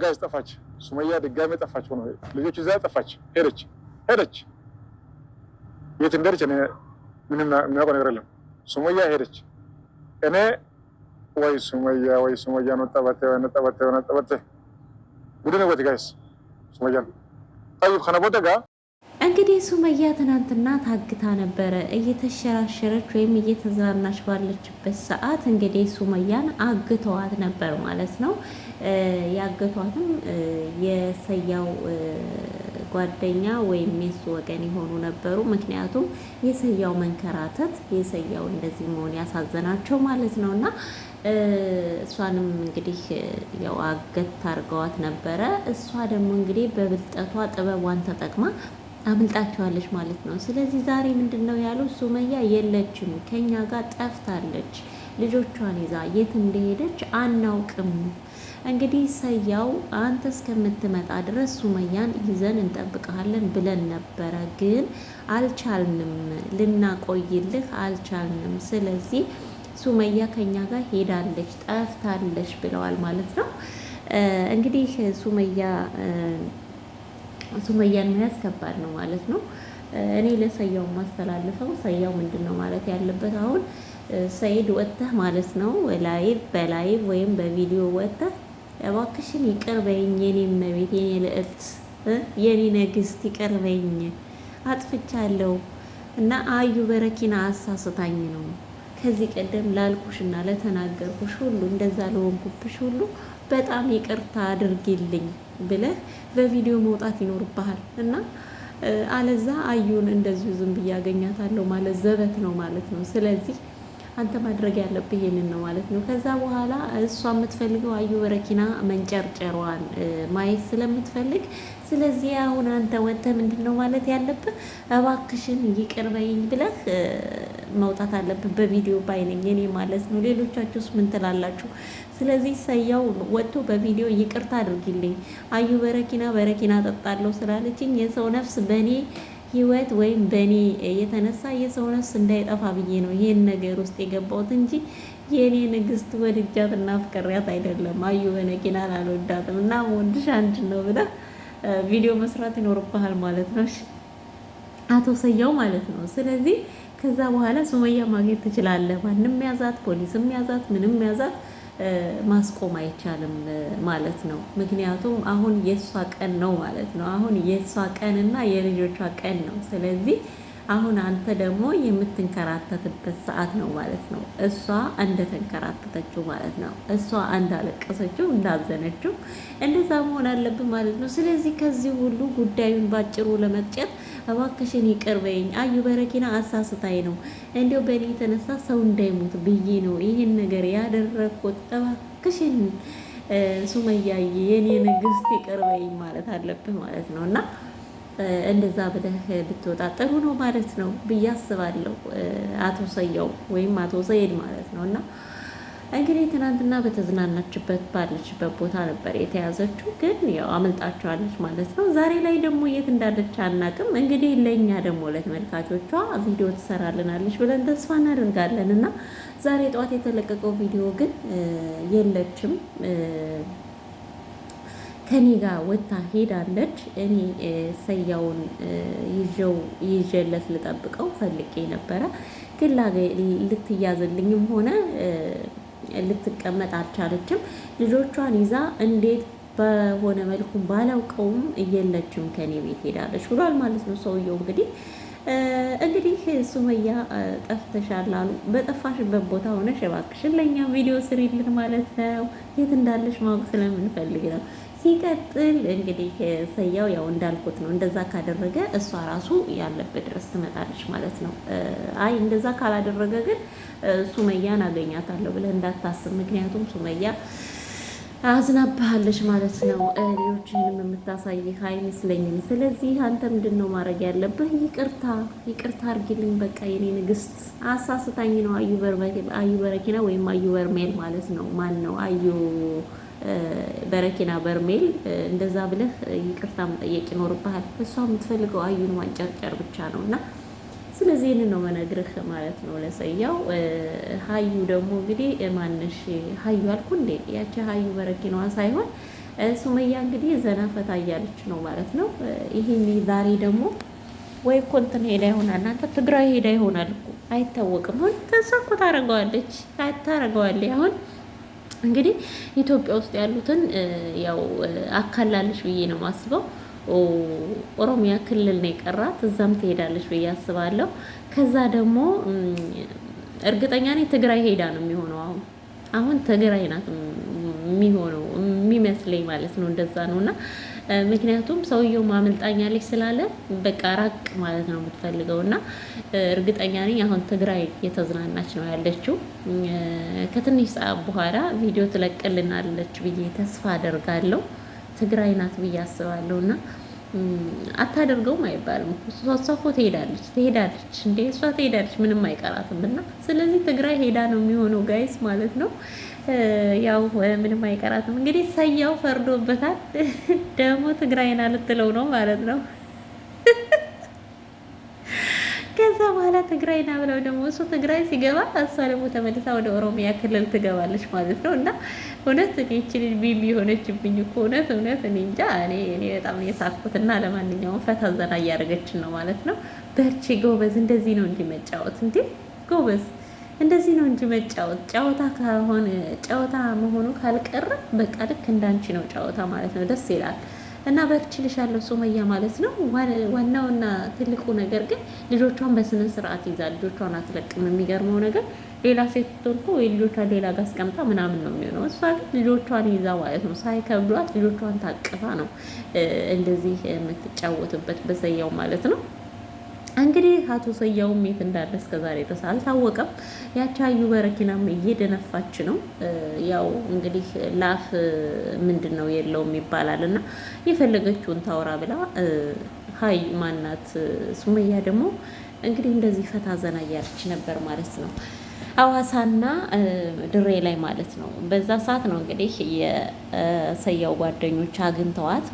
አጋዥ ጠፋች። ሱመያ ድጋሜ ጠፋች። ሆኖ ልጆች እዛ ጠፋች፣ ሄደች ሄደች። የት እንደሄደች እኔ ምንም የሚያውቀው ነገር የለም። ሱመያ ሄደች። እኔ ወይ ሱመያ ወይ ሱመያ ወይ ነጠበተ ነጠበተ ነጠበተ ቡድን ወት ጋይስ ሱመያ ጠይብ ከነበደ ጋር እንግዲህ ሱመያ ትናንትና ታግታ ነበረ። እየተሸራሸረች ወይም እየተዝናናች ባለችበት ሰዓት እንግዲህ ሱመያን አግተዋት ነበር ማለት ነው። ያገቷትም የሰያው ጓደኛ ወይም የሱ ወገን የሆኑ ነበሩ። ምክንያቱም የሰያው መንከራተት፣ የሰያው እንደዚህ መሆን ያሳዘናቸው ማለት ነው እና እሷንም እንግዲህ ያው አገት ታርገዋት ነበረ። እሷ ደግሞ እንግዲህ በብልጠቷ ጥበቧን ተጠቅማ አምልጣቸዋለች ማለት ነው። ስለዚህ ዛሬ ምንድን ነው ያሉ ሱመያ የለችም፣ ከኛ ጋር ጠፍታለች፣ ልጆቿን ይዛ የት እንደሄደች አናውቅም። እንግዲህ ሰያው አንተ እስከምትመጣ ድረስ ሱመያን ይዘን እንጠብቀሃለን ብለን ነበረ፣ ግን አልቻልንም፣ ልናቆይልህ አልቻልንም። ስለዚህ ሱመያ ከኛ ጋር ሄዳለች፣ ጠፍታለች ብለዋል ማለት ነው። እንግዲህ ሱመያ ሱመያን መያዝ ከባድ ነው ማለት ነው። እኔ ለሰያው ማስተላልፈው ሰያው ምንድን ነው ማለት ያለበት አሁን ሰይድ ወጥተህ ማለት ነው ላይቭ በላይቭ ወይም በቪዲዮ ወጥተህ እባክሽን ይቅር በይኝ፣ የኔ እመቤት፣ የኔ ልዕልት፣ የኔ ነግስት ይቅር በይኝ፣ አጥፍቻለሁ እና አዩ በረኪና አሳስታኝ ነው ከዚህ ቀደም ላልኩሽ እና ለተናገርኩሽ ሁሉ እንደዛ ለወንኩብሽ ሁሉ በጣም ይቅርታ አድርጊልኝ ብለህ በቪዲዮ መውጣት ይኖርብሃል እና አለዛ አዩን እንደዚሁ ዝም ብዬ አገኛታለሁ ማለት ዘበት ነው ማለት ነው። ስለዚህ አንተ ማድረግ ያለብህ ይህንን ነው ማለት ነው። ከዛ በኋላ እሷ የምትፈልገው አዩ በረኪና መንጨርጨሯን ማየት ስለምትፈልግ ስለዚህ አሁን አንተ ወጥተህ ምንድን ነው ማለት ያለብህ እባክሽን ይቅር በይኝ ብለህ መውጣት አለብህ። በቪዲዮ ባይነኝ እኔ ማለት ነው። ሌሎቻችሁስ ምን ትላላችሁ? ስለዚህ ሰያው ወጥቶ በቪዲዮ ይቅርታ አድርጊልኝ አዩ በረኪና በረኪና ጠጣለሁ ስላለችኝ የሰው ነፍስ በእኔ ህይወት ወይም በእኔ የተነሳ የሰው ነፍስ እንዳይጠፋ ብዬ ነው ይህን ነገር ውስጥ የገባሁት እንጂ የእኔ ንግስት ወድጃት እና ፍቅሪያት አይደለም። አዩ በነኪናን አልወዳትም እና ወንድሽ አንድ ነው ብላ ቪዲዮ መስራት ይኖርብሃል ማለት ነው አቶ ሰያው ማለት ነው። ስለዚህ ከዛ በኋላ ሱመያ ማግኘት ትችላለህ። ማንም ያዛት፣ ፖሊስም ያዛት፣ ምንም ያዛት ማስቆም አይቻልም ማለት ነው። ምክንያቱም አሁን የእሷ ቀን ነው ማለት ነው። አሁን የእሷ ቀን እና የልጆቿ ቀን ነው። ስለዚህ አሁን አንተ ደግሞ የምትንከራተትበት ሰዓት ነው ማለት ነው። እሷ እንደተንከራተተችው ማለት ነው። እሷ እንዳለቀሰችው እንዳዘነችው እንደዛ መሆን አለብን ማለት ነው። ስለዚህ ከዚህ ሁሉ ጉዳዩን ባጭሩ ለመቅጨት እባክሽን ይቅር በይኝ፣ አዩ በረኪና አሳስታይ ነው እንዲያው በእኔ የተነሳ ሰው እንዳይሞት ብዬ ነው ይህን ነገር ያደረግኩት። እባክሽን ሱመያዬ የኔ ንግስት ይቅር በይኝ ማለት አለብህ ማለት ነው እና እንደዛ ብለህ ብትወጣ ጥሩ ነው ማለት ነው ብዬ አስባለሁ። አቶ ሰየው ወይም አቶ ሰየድ ማለት ነው። እና እንግዲህ ትናንትና በተዝናናችበት ባለችበት ቦታ ነበር የተያዘችው፣ ግን ያው አመልጣቸዋለች ማለት ነው። ዛሬ ላይ ደግሞ የት እንዳለች አናቅም። እንግዲህ ለእኛ ደግሞ ለተመልካቾቿ ቪዲዮ ትሰራልናለች ብለን ተስፋ እናደርጋለን እና ዛሬ ጠዋት የተለቀቀው ቪዲዮ ግን የለችም ከኔ ጋር ወታ ሄዳለች። እኔ ሰያውን ይዤው ይዤለት ልጠብቀው ፈልጌ ነበረ፣ ግን ላገ ልትያዝልኝም ሆነ ልትቀመጥ አልቻለችም። ልጆቿን ይዛ እንዴት በሆነ መልኩ ባላውቀውም እየለችም ከኔ ቤት ሄዳለች ብሏል ማለት ነው ሰውየው እንግዲህ እንግዲህ ሱመያ ጠፍተሻል አሉ። በጠፋሽበት ቦታ ሆነሽ እባክሽን ለእኛ ቪዲዮ ስሪልን ማለት ነው። የት እንዳለሽ ማወቅ ስለምንፈልግ ነው። ሲቀጥል እንግዲህ ሰያው ያው እንዳልኩት ነው። እንደዛ ካደረገ እሷ ራሱ ያለበት ድረስ ትመጣለች ማለት ነው። አይ እንደዛ ካላደረገ ግን ሱመያን አገኛታለሁ ብለህ እንዳታስብ። ምክንያቱም ሱመያ አዝናባሃለች ማለት ነው። ሌሎችንም የምታሳይ አይመስለኝም። ስለዚህ አንተ ምንድን ነው ማድረግ ያለብህ? ይቅርታ ይቅርታ አድርጊልኝ በቃ የኔ ንግስት፣ አሳስታኝ ነው አዩ በረኪና ወይም አዩ በርሜል ማለት ነው። ማን ነው አዩ በረኪና በርሜል እንደዛ ብለህ ይቅርታ መጠየቅ ይኖርብሃል። እሷ የምትፈልገው አዩን ማንጨርጨር ብቻ ነው እና ስለዚህ ይህን ነው መነግርህ ማለት ነው ለሰያው። ሀዩ ደግሞ እንግዲህ ማንሽ ሀዩ አልኩ እንዴ? ያቺ ሀዩ በረኪናዋ ሳይሆን ሱመያ እንግዲህ ዘና ፈታ እያለች ነው ማለት ነው። ይህን ዛሬ ደግሞ ወይ እኮ እንትን ሄዳ ይሆናል፣ እናንተ ትግራይ ሄዳ ይሆናል እኮ አይታወቅም። አሁን ተሳኮ ታደርገዋለች ታደርገዋለች አሁን እንግዲህ ኢትዮጵያ ውስጥ ያሉትን ያው አካላለች ብዬ ነው ማስበው። ኦሮሚያ ክልል ነው የቀራት፣ እዛም ትሄዳለች ብዬ አስባለሁ። ከዛ ደግሞ እርግጠኛ ነኝ ትግራይ ሄዳ ነው የሚሆነው። አሁን አሁን ትግራይ ናት የሚሆነው የሚመስለኝ ማለት ነው። እንደዛ ነው እና ምክንያቱም ሰውየው ማመልጣኛለች ስላለ በቃ ራቅ ማለት ነው የምትፈልገው እና እርግጠኛ ነኝ አሁን ትግራይ የተዝናናች ነው ያለችው። ከትንሽ ሰዓት በኋላ ቪዲዮ ትለቅልናለች ብዬ ተስፋ አደርጋለሁ። ትግራይ ናት ብዬ አስባለሁ እና አታደርገውም አይባልም። እሷ እኮ ትሄዳለች ትሄዳለች እንዴ እሷ ትሄዳለች፣ ምንም አይቀራትም። እና ስለዚህ ትግራይ ሄዳ ነው የሚሆነው ጋይስ ማለት ነው። ያው ምንም አይቀራትም። እንግዲህ ሰያው ፈርዶበታል። ደግሞ ትግራይና ልትለው ነው ማለት ነው ከዛ በኋላ ትግራይ ና ብለው ደግሞ እሱ ትግራይ ሲገባ እሷ ደግሞ ተመልሳ ወደ ኦሮሚያ ክልል ትገባለች ማለት ነው። እና እውነት እኔችን ቢቢ የሆነችብኝ እኮ እውነት እውነት እኔ እንጃ እኔ እኔ በጣም የሳኩት እና ለማንኛውም ፈታ ዘና እያደረገችን ነው ማለት ነው። በርቺ ጎበዝ፣ እንደዚህ ነው እንጂ መጫወት እንዴ ጎበዝ እንደዚህ ነው እንጂ መጫወት ጨዋታ ከሆነ ጨዋታ መሆኑ ካልቀረ በቃ ልክ እንዳንቺ ነው ጨዋታ ማለት ነው። ደስ ይላል። እና በርችልሻለሁ ሱመያ ማለት ነው። ዋናውና ትልቁ ነገር ግን ልጆቿን በስነ ስርዓት ይዛ ልጆቿን አትለቅም። የሚገርመው ነገር ሌላ ሴት ቶልኮ ወይ ልጆቿን ሌላ ጋር አስቀምጣ ምናምን ነው የሚሆነው። እሷ ግን ልጆቿን ይዛ ማለት ነው ሳይከብዷት ልጆቿን ታቅፋ ነው እንደዚህ የምትጫወትበት በሰያው ማለት ነው። እንግዲህ አቶ ሰያውም የት እንዳለ እስከዛሬ ድረስ አልታወቀም። ያቺ አዩ በረኪናም እየደነፋች ነው። ያው እንግዲህ ላፍ ምንድን ነው የለውም ይባላል እና የፈለገችውን ታውራ ብላ ሀይ ማናት ሱመያ ደግሞ እንግዲህ እንደዚህ ፈታ ዘና እያለች ነበር ማለት ነው። ሐዋሳና ድሬ ላይ ማለት ነው። በዛ ሰዓት ነው እንግዲህ የሰያው ጓደኞች አግኝተዋት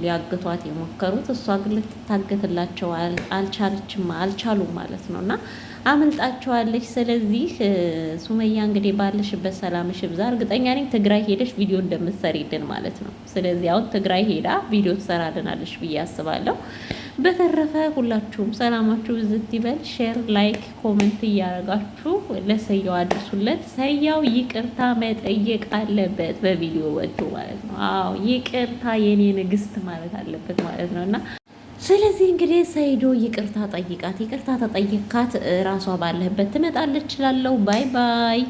ሊያግቷት የሞከሩት እሷ ግን ልትታገትላቸው አልቻለችም አልቻሉም ማለት ነው እና አመልጣችኋለች። ስለዚህ ሱመያ እንግዲህ ባለሽበት ሰላምሽ ብዛ። እርግጠኛ ነኝ ትግራይ ሄደሽ ቪዲዮ እንደምትሰሪልን ማለት ነው። ስለዚህ አሁን ትግራይ ሄዳ ቪዲዮ ትሰራልናለሽ ብዬ አስባለሁ። በተረፈ ሁላችሁም ሰላማችሁ ብዝት ይበል። ሼር፣ ላይክ፣ ኮመንት እያደረጋችሁ ለሰያው አድርሱለት። ሰያው ይቅርታ መጠየቅ አለበት በቪዲዮ ወጥቶ ማለት ነው። አዎ ይቅርታ የኔ ንግስት ማለት አለበት ማለት ነው እና ስለዚህ እንግዲህ ሰይዶ ይቅርታ ጠይቃት፣ ይቅርታ ተጠይቃት፣ ራሷ ባለህበት ትመጣለች። እችላለሁ። ባይ ባይ